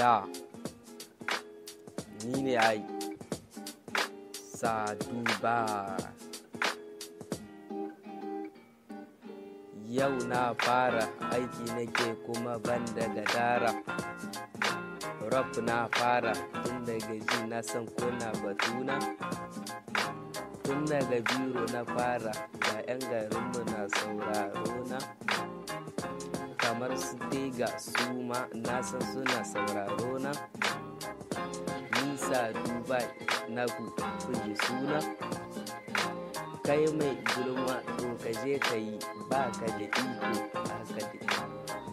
ya ni ne ai saduba yau na fara aiki nake kuma ban da gadara rap na fara tun daga ji na san kona batuna tun daga biro na fara da 'yan garinmu na sauraro na kamar su ga su ma na san suna sauraro na nisa dubai na ku kuje suna kai mai gulma to ka je ka yi ba ka da iko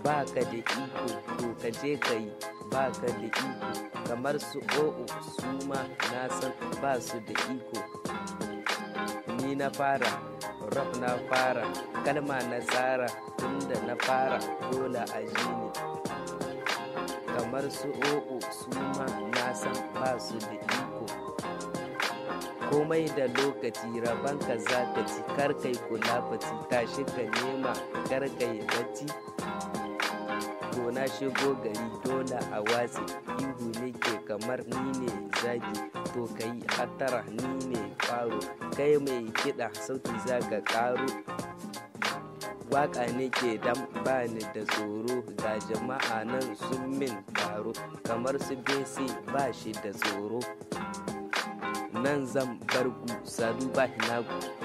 ba ka da iko to ka je ka yi ba ka da iko kamar su o'o su ma na san ba su da iko ni na fara rap na fara kalma na tsara tunda na fara dole a ji ni kamar su o'o su ma na san ba su da iko komai da lokaci rabanka za ta ci kar kai kula fati tashi ka nema kar kai na shigo gari dole a watsi ihu nake kamar ni ne zagi to kai hatara ni ne faro kai mai kiɗa sauti ka karo waka nake dan bani da tsoro ga jama'a nan sun min taro kamar su bc ba shi da tsoro nan zan bar ku sadu ba hinagu